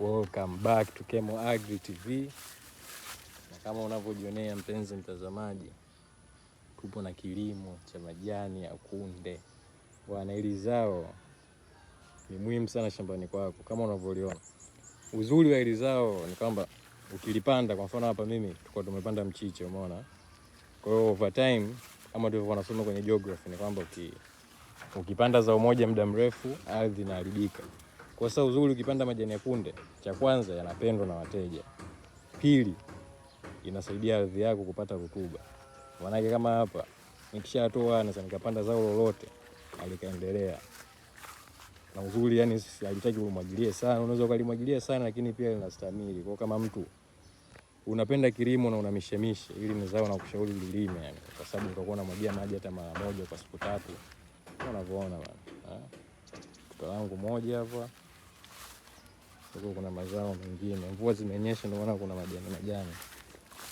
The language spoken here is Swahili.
Welcome back to Kemo Agri TV, na kama unavyojionea mpenzi mtazamaji, tupo na kilimo cha majani ya kunde bwana. Hili zao ni muhimu sana shambani kwako, kama unavyoliona. Uzuri wa hili zao ni kwamba ukilipanda, kwa mfano hapa mimi tulikuwa tumepanda mchicha, umeona. Kwa hiyo over time, kama tulivyokuwa tunasoma kwenye geography, ni kwamba ukipanda zao moja muda mrefu, ardhi inaharibika. Kwa sasa uzuri, ukipanda majani ya kunde, cha kwanza yanapendwa na wateja, pili inasaidia ardhi yako kupata rutuba. Maanake kama hapa nikishatoa naweza nikapanda zao lolote alikaendelea na uzuri, yani halitaki umwagilie sana. Unaweza ukalimwagilia sana, lakini pia linastahimili. Kwa kama mtu unapenda kilimo na unamishemisha, ili ni zao na kushauri lilime, yani kwa sababu utakuwa unamwagia maji hata mara moja kwa siku tatu, unavyoona bana. Tuta eh? langu moja hapa huko kuna mazao mengine. Mvua zimenyesha, ndio maana kuna majani majani.